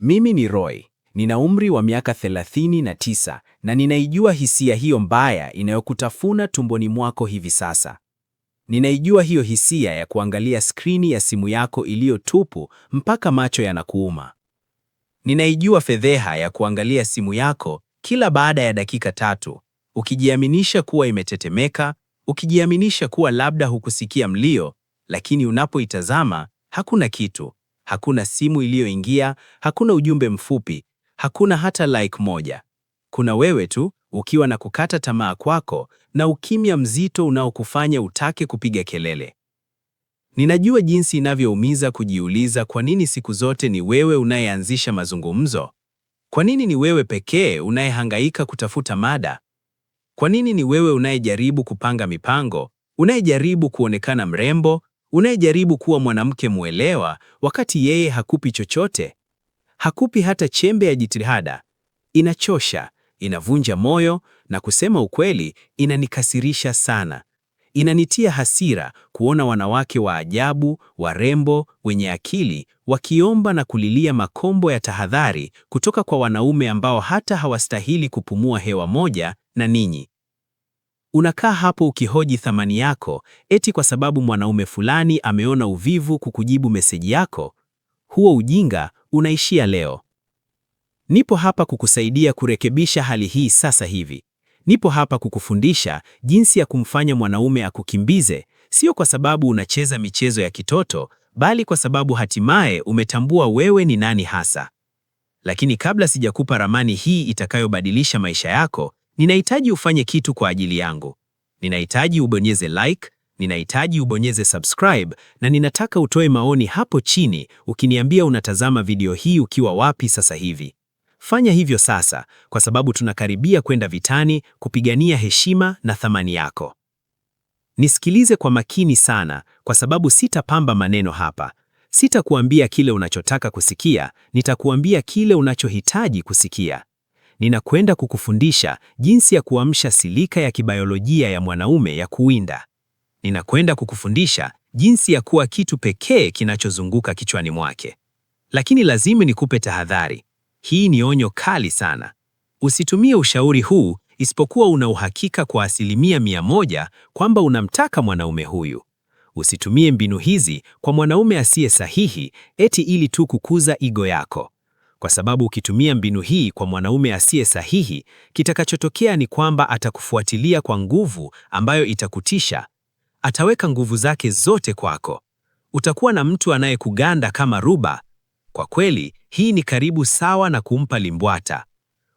Mimi ni Roy, nina umri wa miaka 39 na ninaijua hisia hiyo mbaya inayokutafuna tumboni mwako hivi sasa. Ninaijua hiyo hisia ya kuangalia skrini ya simu yako iliyo tupu mpaka macho yanakuuma. Ninaijua fedheha ya kuangalia simu yako kila baada ya dakika tatu, ukijiaminisha kuwa imetetemeka, ukijiaminisha kuwa labda hukusikia mlio, lakini unapoitazama hakuna kitu. Hakuna simu iliyoingia, hakuna ujumbe mfupi, hakuna hata like moja. Kuna wewe tu ukiwa na kukata tamaa kwako na ukimya mzito unaokufanya utake kupiga kelele. Ninajua jinsi inavyoumiza kujiuliza kwa nini siku zote ni wewe unayeanzisha mazungumzo. Kwa nini ni wewe pekee unayehangaika kutafuta mada? Kwa nini ni wewe unayejaribu kupanga mipango, unayejaribu kuonekana mrembo, unayejaribu kuwa mwanamke mwelewa wakati yeye hakupi chochote, hakupi hata chembe ya jitihada. Inachosha, inavunja moyo, na kusema ukweli, inanikasirisha sana. Inanitia hasira kuona wanawake wa ajabu, warembo, wenye akili wakiomba na kulilia makombo ya tahadhari kutoka kwa wanaume ambao hata hawastahili kupumua hewa moja na ninyi. Unakaa hapo ukihoji thamani yako eti kwa sababu mwanaume fulani ameona uvivu kukujibu meseji yako. Huo ujinga unaishia leo. Nipo hapa kukusaidia kurekebisha hali hii sasa hivi. Nipo hapa kukufundisha jinsi ya kumfanya mwanaume akukimbize, sio kwa sababu unacheza michezo ya kitoto, bali kwa sababu hatimaye umetambua wewe ni nani hasa. Lakini kabla sijakupa ramani hii itakayobadilisha maisha yako, Ninahitaji ufanye kitu kwa ajili yangu. Ninahitaji ubonyeze like, ninahitaji ubonyeze subscribe na ninataka utoe maoni hapo chini ukiniambia unatazama video hii ukiwa wapi sasa hivi. Fanya hivyo sasa kwa sababu tunakaribia kwenda vitani kupigania heshima na thamani yako. Nisikilize kwa makini sana kwa sababu sitapamba maneno hapa. Sitakuambia kile unachotaka kusikia, nitakuambia kile unachohitaji kusikia ninakwenda kukufundisha jinsi ya kuamsha silika ya kibayolojia ya mwanaume ya kuwinda. Ninakwenda kukufundisha jinsi ya kuwa kitu pekee kinachozunguka kichwani mwake. Lakini lazima nikupe tahadhari. Hii ni onyo kali sana. Usitumie ushauri huu isipokuwa una uhakika kwa asilimia mia moja kwamba unamtaka mwanaume huyu. Usitumie mbinu hizi kwa mwanaume asiye sahihi eti ili tu kukuza ego yako kwa sababu ukitumia mbinu hii kwa mwanaume asiye sahihi, kitakachotokea ni kwamba atakufuatilia kwa nguvu ambayo itakutisha. Ataweka nguvu zake zote kwako. Utakuwa na mtu anayekuganda kama ruba. Kwa kweli, hii ni karibu sawa na kumpa limbwata.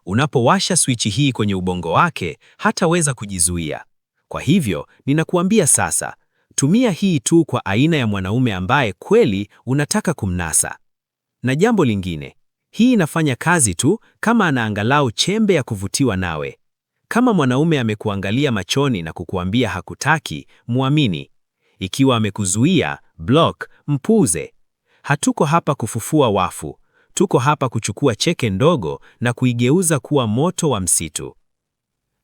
Unapowasha swichi hii kwenye ubongo wake, hataweza kujizuia. Kwa hivyo, ninakuambia sasa, tumia hii tu kwa aina ya mwanaume ambaye kweli unataka kumnasa. Na jambo lingine, hii inafanya kazi tu kama ana angalau chembe ya kuvutiwa nawe. Kama mwanaume amekuangalia machoni na kukuambia hakutaki, muamini. Ikiwa amekuzuia, block, mpuze Hatuko hapa kufufua wafu. Tuko hapa kuchukua cheke ndogo na kuigeuza kuwa moto wa msitu.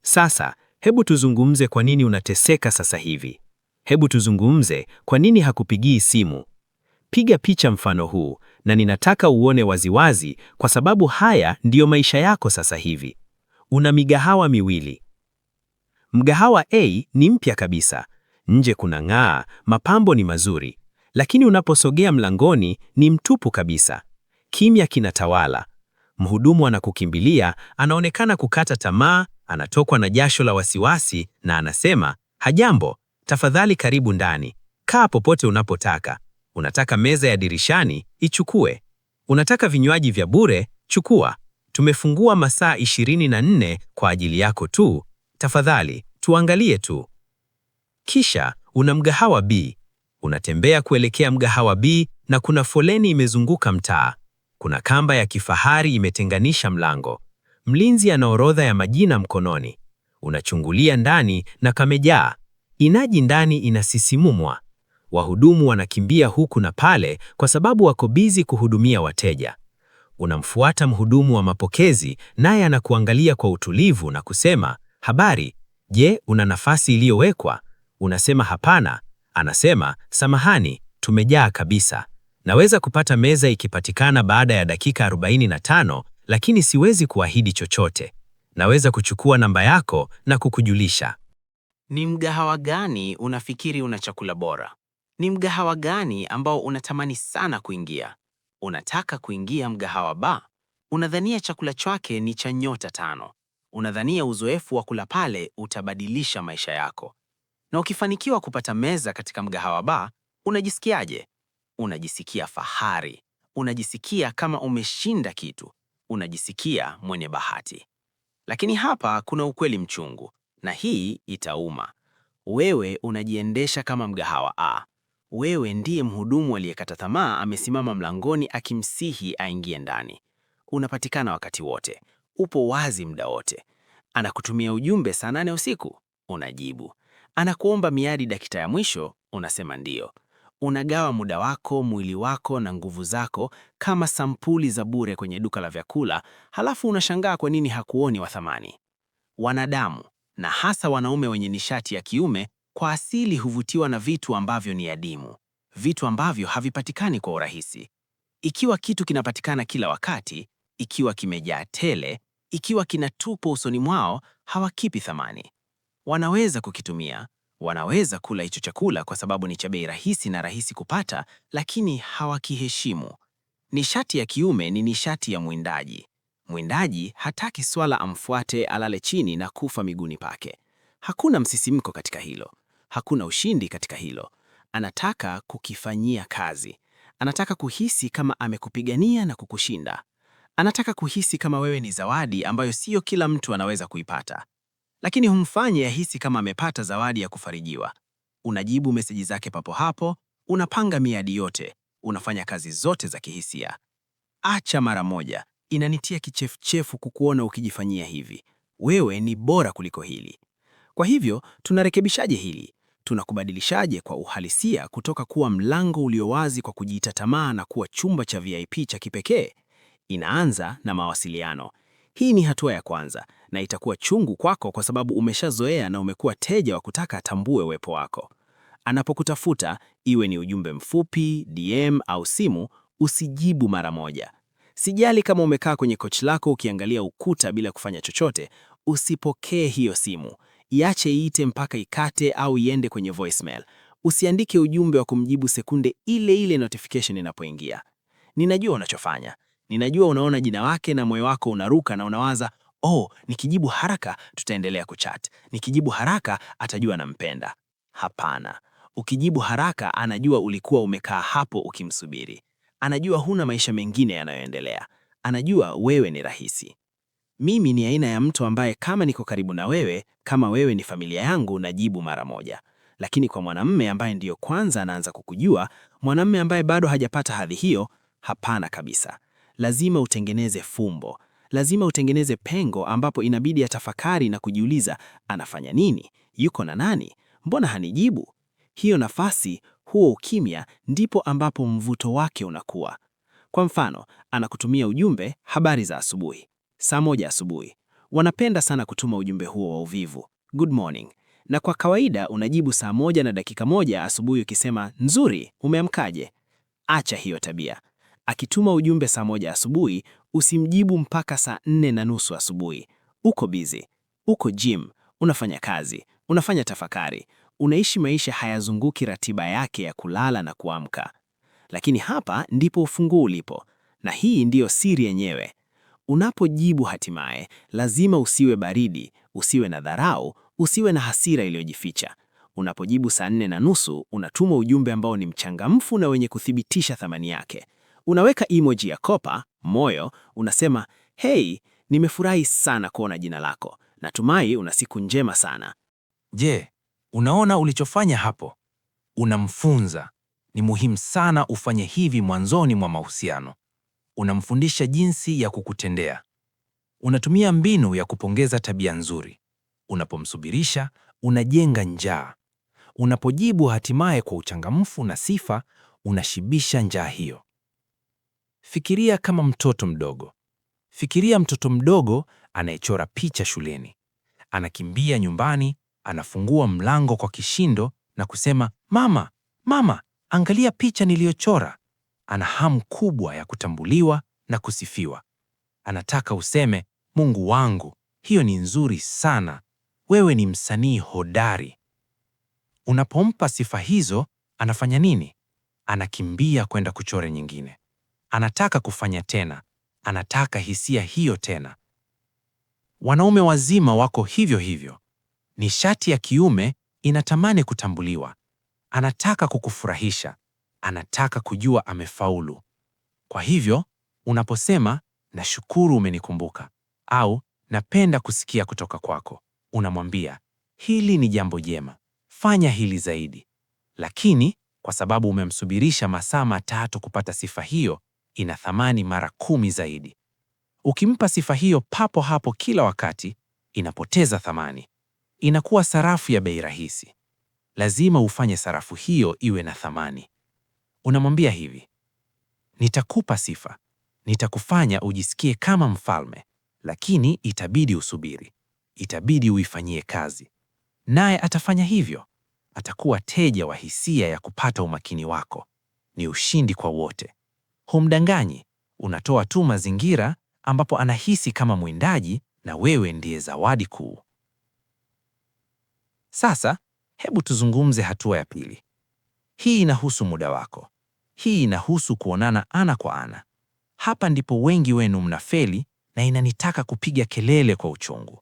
Sasa, hebu tuzungumze kwa nini unateseka sasa hivi. Hebu tuzungumze kwa nini hakupigii simu. Piga picha mfano huu na ninataka uone waziwazi kwa sababu haya ndiyo maisha yako sasa hivi. Una migahawa miwili. Mgahawa A ni mpya kabisa. Nje kuna ng'aa, mapambo ni mazuri. Lakini unaposogea mlangoni ni mtupu kabisa. Kimya kinatawala. Mhudumu anakukimbilia, anaonekana kukata tamaa, anatokwa na jasho la wasiwasi na anasema, "Hajambo, tafadhali karibu ndani. Kaa popote unapotaka." Unataka meza ya dirishani? Ichukue. Unataka vinywaji vya bure? Chukua. Tumefungua masaa 24 kwa ajili yako tu. Tafadhali tuangalie tu. Kisha una mgahawa B. Unatembea kuelekea mgahawa B na kuna foleni imezunguka mtaa. Kuna kamba ya kifahari imetenganisha mlango. Mlinzi ana orodha ya majina mkononi. Unachungulia ndani na kamejaa. Inaji ndani inasisimumwa. Wahudumu wanakimbia huku na pale kwa sababu wako bizi kuhudumia wateja. Unamfuata mhudumu wa mapokezi, naye anakuangalia kwa utulivu na kusema, habari, je, una nafasi iliyowekwa? Unasema hapana. Anasema, samahani, tumejaa kabisa. Naweza kupata meza ikipatikana baada ya dakika 45, lakini siwezi kuahidi chochote. Naweza kuchukua namba yako na kukujulisha. Ni mgahawa gani unafikiri una chakula bora? Ni mgahawa gani ambao unatamani sana kuingia? Unataka kuingia mgahawa ba? Unadhania chakula chake ni cha nyota tano. Unadhania uzoefu wa kula pale utabadilisha maisha yako. Na ukifanikiwa kupata meza katika mgahawa ba, unajisikiaje? Unajisikia fahari. Unajisikia kama umeshinda kitu. Unajisikia mwenye bahati. Lakini hapa kuna ukweli mchungu, na hii itauma. Wewe unajiendesha kama mgahawa A, wewe ndiye mhudumu aliyekata tamaa, amesimama mlangoni akimsihi aingie ndani. Unapatikana wakati wote, upo wazi muda wote. Anakutumia ujumbe saa nane usiku, unajibu. Anakuomba miadi dakika ya mwisho, unasema ndiyo. Unagawa muda wako, mwili wako na nguvu zako kama sampuli za bure kwenye duka la vyakula, halafu unashangaa kwa nini hakuoni wa thamani. Wanadamu na hasa wanaume wenye nishati ya kiume kwa asili huvutiwa na vitu ambavyo ni adimu, vitu ambavyo havipatikani kwa urahisi. Ikiwa kitu kinapatikana kila wakati, ikiwa kimejaa tele, ikiwa kinatupwa usoni mwao, hawakipi thamani. Wanaweza kukitumia, wanaweza kula hicho chakula kwa sababu ni cha bei rahisi na rahisi kupata, lakini hawakiheshimu. Nishati ya kiume ni nishati ya mwindaji. Mwindaji hataki swala amfuate, alale chini na kufa miguuni pake. Hakuna msisimko katika hilo hakuna ushindi katika hilo. Anataka kukifanyia kazi, anataka kuhisi kama amekupigania na kukushinda, anataka kuhisi kama wewe ni zawadi ambayo siyo kila mtu anaweza kuipata, lakini humfanye ahisi kama amepata zawadi ya kufarijiwa. Unajibu meseji zake papo hapo, unapanga miadi yote, unafanya kazi zote za kihisia. Acha mara moja, inanitia kichefuchefu kukuona ukijifanyia hivi. Wewe ni bora kuliko hili. Kwa hivyo, tunarekebishaje hili? Tunakubadilishaje kwa uhalisia kutoka kuwa mlango ulio wazi kwa kujiita tamaa na kuwa chumba cha VIP cha kipekee? Inaanza na mawasiliano. Hii ni hatua ya kwanza na itakuwa chungu kwako kwa sababu umeshazoea na umekuwa teja wa kutaka atambue uwepo wako. Anapokutafuta, iwe ni ujumbe mfupi, DM au simu, usijibu mara moja. Sijali kama umekaa kwenye kochi lako ukiangalia ukuta bila kufanya chochote, usipokee hiyo simu iache iite mpaka ikate au iende kwenye voicemail. Usiandike ujumbe wa kumjibu sekunde ile ile notification inapoingia. Ninajua unachofanya, ninajua unaona jina wake na moyo wako unaruka na unawaza oh, nikijibu haraka tutaendelea kuchat, nikijibu haraka atajua nampenda. Hapana, ukijibu haraka anajua ulikuwa umekaa hapo ukimsubiri, anajua huna maisha mengine yanayoendelea, anajua wewe ni rahisi. Mimi ni aina ya mtu ambaye kama niko karibu na wewe, kama wewe ni familia yangu, najibu mara moja. Lakini kwa mwanamume ambaye ndiyo kwanza anaanza kukujua, mwanamume ambaye bado hajapata hadhi hiyo, hapana kabisa. Lazima utengeneze fumbo, lazima utengeneze pengo ambapo inabidi atafakari na kujiuliza, anafanya nini? Yuko na nani? Mbona hanijibu? Hiyo nafasi, huo ukimya, ndipo ambapo mvuto wake unakuwa. Kwa mfano, anakutumia ujumbe habari za asubuhi, saa moja asubuhi. Wanapenda sana kutuma ujumbe huo wa uvivu, good morning, na kwa kawaida unajibu saa moja na dakika moja asubuhi ukisema nzuri, umeamkaje? Acha hiyo tabia. Akituma ujumbe saa moja asubuhi, usimjibu mpaka saa nne na nusu asubuhi. Uko bizi, uko gym, unafanya kazi, unafanya tafakari, unaishi maisha hayazunguki ratiba yake ya kulala na kuamka. Lakini hapa ndipo ufunguo ulipo, na hii ndiyo siri yenyewe. Unapojibu hatimaye, lazima usiwe baridi, usiwe na dharau, usiwe na hasira iliyojificha. Unapojibu saa nne na nusu, unatuma ujumbe ambao ni mchangamfu na wenye kuthibitisha thamani yake. Unaweka emoji ya kopa moyo, unasema hei, nimefurahi sana kuona jina lako, natumai una siku njema sana. Je, unaona ulichofanya hapo? Unamfunza. Ni muhimu sana ufanye hivi mwanzoni mwa mahusiano unamfundisha jinsi ya kukutendea. Unatumia mbinu ya kupongeza tabia nzuri. Unapomsubirisha, unajenga njaa. Unapojibu hatimaye kwa uchangamfu na sifa, unashibisha njaa hiyo. Fikiria kama mtoto mdogo. Fikiria mtoto mdogo anayechora picha shuleni. Anakimbia nyumbani, anafungua mlango kwa kishindo na kusema, "Mama, mama, angalia picha niliyochora." ana hamu kubwa ya kutambuliwa na kusifiwa. Anataka useme, Mungu wangu, hiyo ni nzuri sana, wewe ni msanii hodari. Unapompa sifa hizo, anafanya nini? Anakimbia kwenda kuchora nyingine. Anataka kufanya tena, anataka hisia hiyo tena. Wanaume wazima wako hivyo hivyo. Nishati ya kiume inatamani kutambuliwa, anataka kukufurahisha, anataka kujua amefaulu. Kwa hivyo unaposema nashukuru umenikumbuka au napenda kusikia kutoka kwako, unamwambia hili ni jambo jema, fanya hili zaidi. Lakini kwa sababu umemsubirisha masaa matatu kupata sifa hiyo, ina thamani mara kumi zaidi. Ukimpa sifa hiyo papo hapo kila wakati, inapoteza thamani, inakuwa sarafu ya bei rahisi. Lazima ufanye sarafu hiyo iwe na thamani unamwambia hivi: nitakupa sifa, nitakufanya ujisikie kama mfalme, lakini itabidi usubiri, itabidi uifanyie kazi. Naye atafanya hivyo, atakuwa teja wa hisia ya kupata umakini wako. Ni ushindi kwa wote. Humdanganyi, unatoa tu mazingira ambapo anahisi kama mwindaji na wewe ndiye zawadi kuu. Sasa hebu tuzungumze hatua ya pili. Hii inahusu muda wako. Hii inahusu kuonana ana kwa ana. Hapa ndipo wengi wenu mnafeli na inanitaka kupiga kelele kwa uchungu.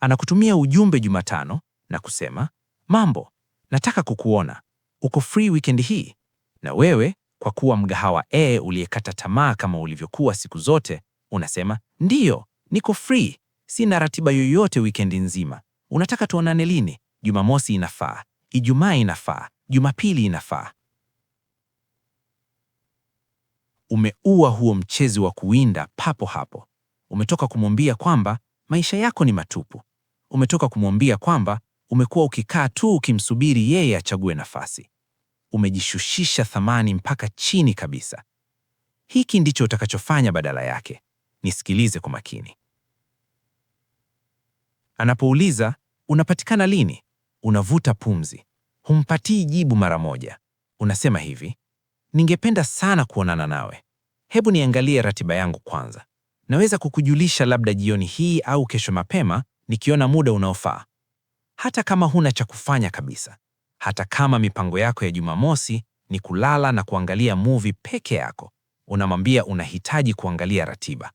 Anakutumia ujumbe Jumatano na kusema, mambo, nataka kukuona, uko free weekend hii? Na wewe kwa kuwa mgahawa e uliyekata tamaa kama ulivyokuwa siku zote, unasema ndiyo, niko free, sina ratiba yoyote weekend nzima. Unataka tuonane lini? Jumamosi inafaa. Ijumaa inafaa, Jumapili inafaa. Umeua huo mchezi wa kuwinda papo hapo. Umetoka kumwambia kwamba maisha yako ni matupu. Umetoka kumwambia kwamba umekuwa ukikaa tu ukimsubiri yeye achague nafasi. Umejishushisha thamani mpaka chini kabisa. Hiki ndicho utakachofanya badala yake. Nisikilize kwa makini. Anapouliza unapatikana lini, Unavuta pumzi, humpatii jibu mara moja. Unasema hivi, ningependa sana kuonana nawe, hebu niangalie ratiba yangu kwanza, naweza kukujulisha labda jioni hii au kesho mapema, nikiona muda unaofaa. Hata kama huna cha kufanya kabisa, hata kama mipango yako ya Jumamosi ni kulala na kuangalia movie peke yako, unamwambia unahitaji kuangalia ratiba.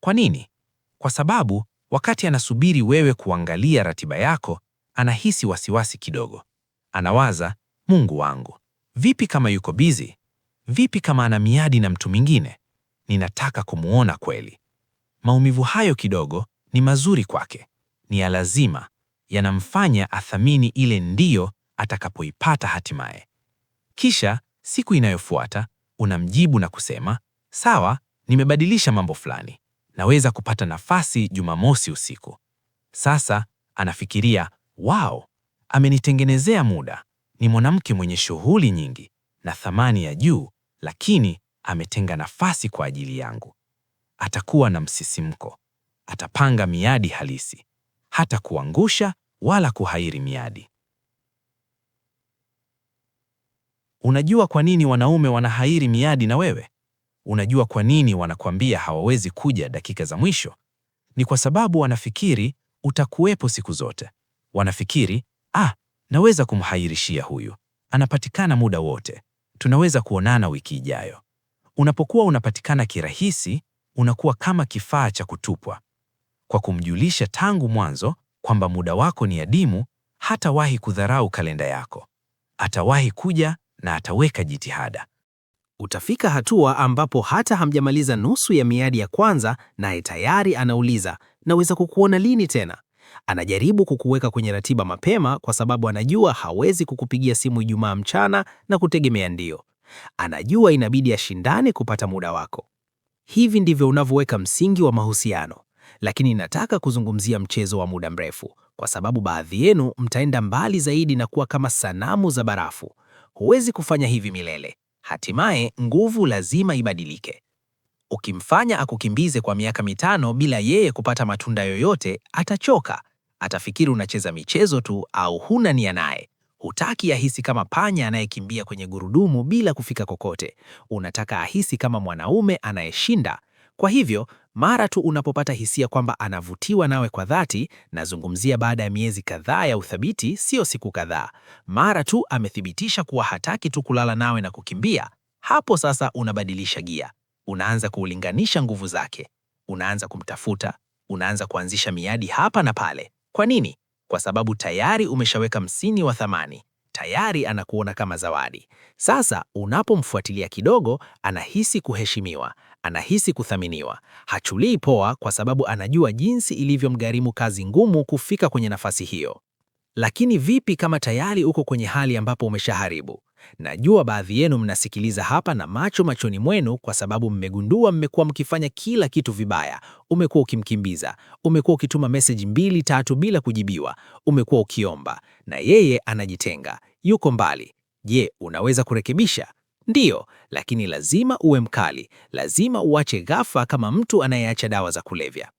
Kwa nini? Kwa sababu wakati anasubiri wewe kuangalia ratiba yako, Anahisi wasiwasi kidogo. Anawaza, Mungu wangu, vipi kama yuko bizi? Vipi kama ana miadi na mtu mwingine? Ninataka kumuona kweli. Maumivu hayo kidogo ni mazuri kwake, ni ya lazima, yanamfanya athamini ile ndiyo atakapoipata hatimaye. Kisha siku inayofuata unamjibu na kusema, sawa, nimebadilisha mambo fulani, naweza kupata nafasi Jumamosi usiku. Sasa anafikiria Wow, amenitengenezea muda. Ni mwanamke mwenye shughuli nyingi na thamani ya juu, lakini ametenga nafasi kwa ajili yangu. Atakuwa na msisimko, atapanga miadi halisi, hata kuangusha wala kuhairi miadi. Unajua kwa nini wanaume wanahairi miadi na wewe? Unajua kwa nini wanakwambia hawawezi kuja dakika za mwisho? Ni kwa sababu wanafikiri utakuwepo siku zote. Wanafikiri ah, naweza kumhairishia huyu, anapatikana muda wote, tunaweza kuonana wiki ijayo. Unapokuwa unapatikana kirahisi, unakuwa kama kifaa cha kutupwa. Kwa kumjulisha tangu mwanzo kwamba muda wako ni adimu, hatawahi kudharau kalenda yako, atawahi kuja na ataweka jitihada. Utafika hatua ambapo hata hamjamaliza nusu ya miadi ya kwanza, naye tayari anauliza naweza kukuona lini tena? Anajaribu kukuweka kwenye ratiba mapema kwa sababu anajua hawezi kukupigia simu Ijumaa mchana na kutegemea ndio. Anajua inabidi ashindane kupata muda wako. Hivi ndivyo unavyoweka msingi wa mahusiano, lakini nataka kuzungumzia mchezo wa muda mrefu kwa sababu baadhi yenu mtaenda mbali zaidi na kuwa kama sanamu za barafu. Huwezi kufanya hivi milele. Hatimaye nguvu lazima ibadilike. Ukimfanya akukimbize kwa miaka mitano bila yeye kupata matunda yoyote, atachoka. Atafikiri unacheza michezo tu au huna nia naye. Hutaki ahisi kama panya anayekimbia kwenye gurudumu bila kufika kokote. Unataka ahisi kama mwanaume anayeshinda. Kwa hivyo, mara tu unapopata hisia kwamba anavutiwa nawe kwa dhati, nazungumzia baada ya miezi kadhaa ya uthabiti, sio siku kadhaa. Mara tu amethibitisha kuwa hataki tu kulala nawe na kukimbia, hapo sasa unabadilisha gia unaanza kuulinganisha nguvu zake, unaanza kumtafuta, unaanza kuanzisha miadi hapa na pale. Kwa nini? Kwa sababu tayari umeshaweka msingi wa thamani, tayari anakuona kama zawadi. Sasa unapomfuatilia kidogo, anahisi kuheshimiwa, anahisi kuthaminiwa. Hachulii poa, kwa sababu anajua jinsi ilivyomgharimu kazi ngumu kufika kwenye nafasi hiyo. Lakini vipi kama tayari uko kwenye hali ambapo umeshaharibu? Najua baadhi yenu mnasikiliza hapa na macho machoni mwenu kwa sababu mmegundua mmekuwa mkifanya kila kitu vibaya. Umekuwa ukimkimbiza, umekuwa ukituma meseji mbili tatu bila kujibiwa, umekuwa ukiomba na yeye anajitenga, yuko mbali. Je, unaweza kurekebisha? Ndiyo, lakini lazima uwe mkali, lazima uache ghafla kama mtu anayeacha dawa za kulevya.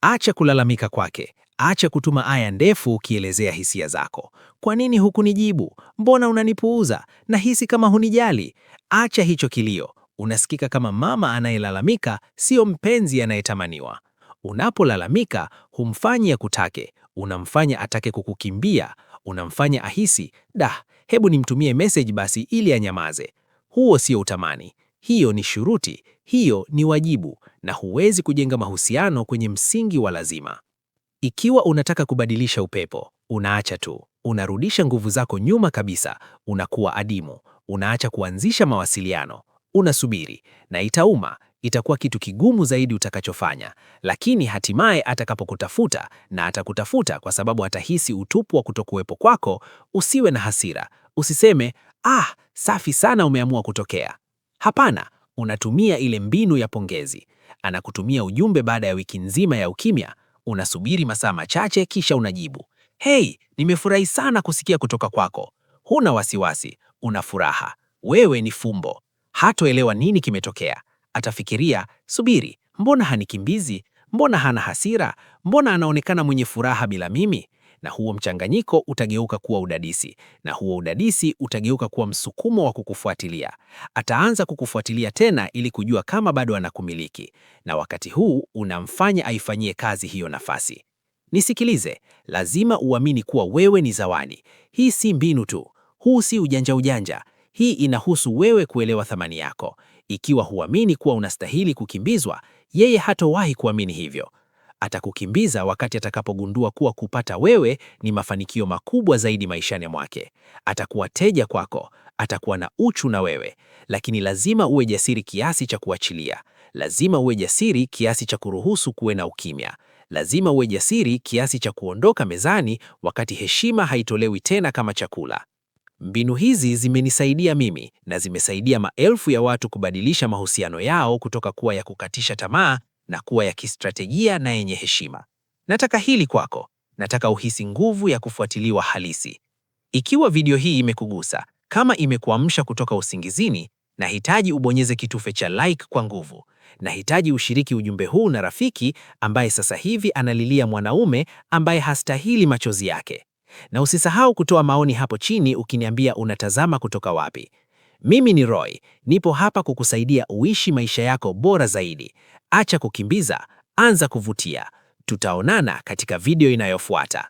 Acha kulalamika kwake, Acha kutuma aya ndefu ukielezea hisia zako. Kwa nini hukunijibu? Mbona unanipuuza? Nahisi kama hunijali. Acha hicho kilio. Unasikika kama mama anayelalamika, sio mpenzi anayetamaniwa. Unapolalamika humfanyi akutake, unamfanya atake kukukimbia, unamfanya ahisi dah, hebu nimtumie message basi ili anyamaze. Huo sio utamani, hiyo ni shuruti, hiyo ni wajibu, na huwezi kujenga mahusiano kwenye msingi wa lazima. Ikiwa unataka kubadilisha upepo, unaacha tu, unarudisha nguvu zako nyuma kabisa, unakuwa adimu, unaacha kuanzisha mawasiliano, unasubiri, na itauma, itakuwa kitu kigumu zaidi utakachofanya, lakini hatimaye atakapokutafuta na atakutafuta kwa sababu atahisi utupu wa kutokuwepo kwako. Usiwe na hasira, usiseme ah, safi sana, umeamua kutokea. Hapana, unatumia ile mbinu ya pongezi. Anakutumia ujumbe baada ya wiki nzima ya ukimya unasubiri masaa machache kisha unajibu, hei, nimefurahi sana kusikia kutoka kwako. Huna wasiwasi, una furaha. Wewe ni fumbo. Hatoelewa nini kimetokea. Atafikiria, subiri, mbona hanikimbizi? Mbona hana hasira? Mbona anaonekana mwenye furaha bila mimi? na huo mchanganyiko utageuka kuwa udadisi, na huo udadisi utageuka kuwa msukumo wa kukufuatilia. Ataanza kukufuatilia tena ili kujua kama bado anakumiliki, na wakati huu unamfanya aifanyie kazi hiyo nafasi. Nisikilize, lazima uamini kuwa wewe ni zawadi. Hii si mbinu tu, huu si ujanja ujanja. Hii inahusu wewe kuelewa thamani yako. Ikiwa huamini kuwa unastahili kukimbizwa, yeye hatowahi kuamini hivyo atakukimbiza wakati atakapogundua kuwa kupata wewe ni mafanikio makubwa zaidi maishani mwake. Atakuwa teja kwako, atakuwa na uchu na wewe, lakini lazima uwe jasiri kiasi cha kuachilia. Lazima uwe jasiri kiasi cha kuruhusu kuwe na ukimya. Lazima uwe jasiri kiasi cha kuondoka mezani wakati heshima haitolewi tena kama chakula. Mbinu hizi zimenisaidia mimi na zimesaidia maelfu ya watu kubadilisha mahusiano yao kutoka kuwa ya kukatisha tamaa na kuwa ya kistratejia na yenye heshima. Nataka hili kwako. Nataka uhisi nguvu ya kufuatiliwa halisi. Ikiwa video hii imekugusa, kama imekuamsha kutoka usingizini, nahitaji ubonyeze kitufe cha like kwa nguvu. Nahitaji ushiriki ujumbe huu na rafiki ambaye sasa hivi analilia mwanaume ambaye hastahili machozi yake, na usisahau kutoa maoni hapo chini ukiniambia unatazama kutoka wapi. Mimi ni Roy, nipo hapa kukusaidia uishi maisha yako bora zaidi. Acha kukimbiza, anza kuvutia. Tutaonana katika video inayofuata.